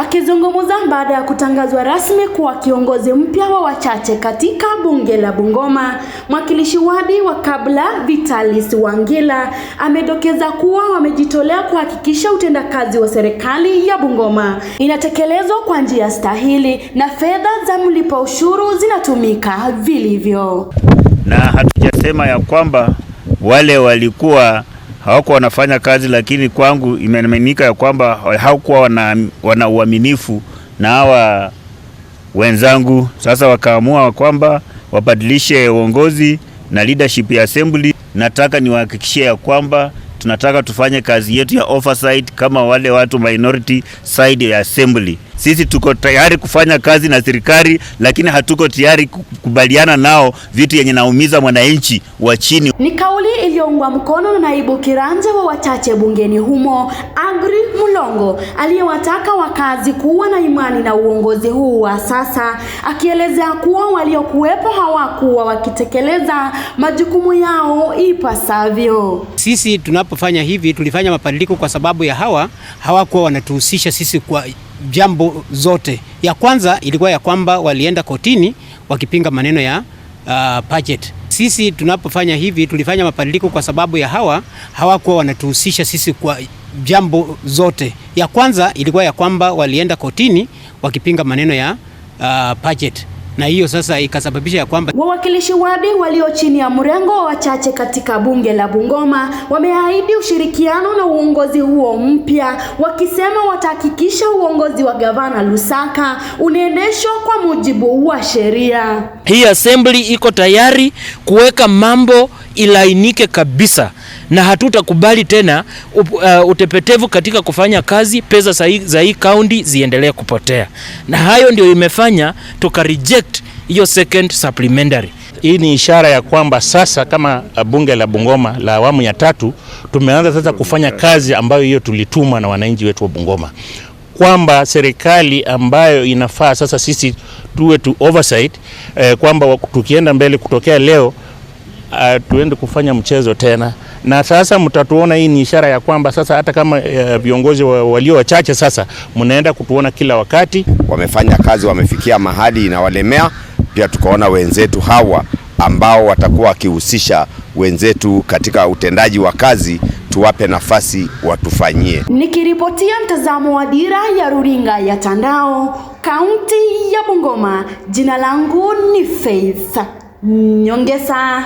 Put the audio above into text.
Akizungumza baada ya kutangazwa rasmi kuwa kiongozi mpya wa wachache katika bunge la Bungoma, mwakilishi wadi wa Kabla Vitalis Wangila amedokeza kuwa wamejitolea kuhakikisha utendakazi wa serikali ya Bungoma inatekelezwa kwa njia stahili na fedha za mlipa ushuru zinatumika vilivyo, na hatujasema ya kwamba wale walikuwa hawakuwa wanafanya kazi, lakini kwangu imeaminika ya kwamba hawakuwa wana, wana uaminifu na hawa wenzangu. Sasa wakaamua kwamba wabadilishe uongozi na leadership ya assembly. Nataka niwahakikishie ya kwamba tunataka tufanye kazi yetu ya oversight kama wale watu minority side ya assembly. Sisi tuko tayari kufanya kazi na serikali, lakini hatuko tayari kukubaliana nao vitu yenye naumiza mwananchi wa chini. Ni kauli iliyoungwa mkono na naibu kiranja wa wachache bungeni humo Agri Mulongo aliyewataka wakazi kuwa na imani na uongozi huu wa sasa, akielezea kuwa waliokuwepo hawakuwa wakitekeleza majukumu yao ipasavyo. Sisi tunapofanya hivi tulifanya mabadiliko kwa sababu ya hawa hawakuwa wanatuhusisha sisi kwa jambo zote. Ya kwanza ilikuwa ya kwamba walienda kotini wakipinga maneno ya uh, budget. Sisi tunapofanya hivi, tulifanya mabadiliko kwa sababu ya hawa hawakuwa wanatuhusisha sisi kwa jambo zote. Ya kwanza ilikuwa ya kwamba walienda kotini wakipinga maneno ya uh, budget na hiyo sasa ikasababisha ya kwamba wawakilishi wadi walio chini ya mrengo wa wachache katika bunge la Bungoma wameahidi ushirikiano na uongozi huo mpya, wakisema watahakikisha uongozi wa gavana Lusaka unaendeshwa kwa mujibu wa sheria. Hii assembly iko tayari kuweka mambo ilainike kabisa, na hatutakubali tena uh, utepetevu katika kufanya kazi, pesa za hii kaunti ziendelee kupotea, na hayo ndio imefanya tuka reject hiyo second supplementary. Hii ni ishara ya kwamba sasa kama bunge la Bungoma la awamu ya tatu tumeanza sasa kufanya kazi ambayo hiyo tulitumwa na wananchi wetu wa Bungoma, kwamba serikali ambayo inafaa sasa sisi tuwe tu oversight eh, kwamba tukienda mbele kutokea leo uh, tuende kufanya mchezo tena, na sasa mtatuona. Hii ni ishara ya kwamba sasa hata kama uh, viongozi wa, walio wachache sasa mnaenda kutuona kila wakati. Wamefanya kazi, wamefikia mahali inawalemea. Pia tukaona wenzetu hawa ambao watakuwa wakihusisha wenzetu katika utendaji wa kazi tuwape nafasi watufanyie. Nikiripotia mtazamo wa Dira ya Ruringa ya Tandao, kaunti ya Bungoma, jina langu ni Faith Nyongesa.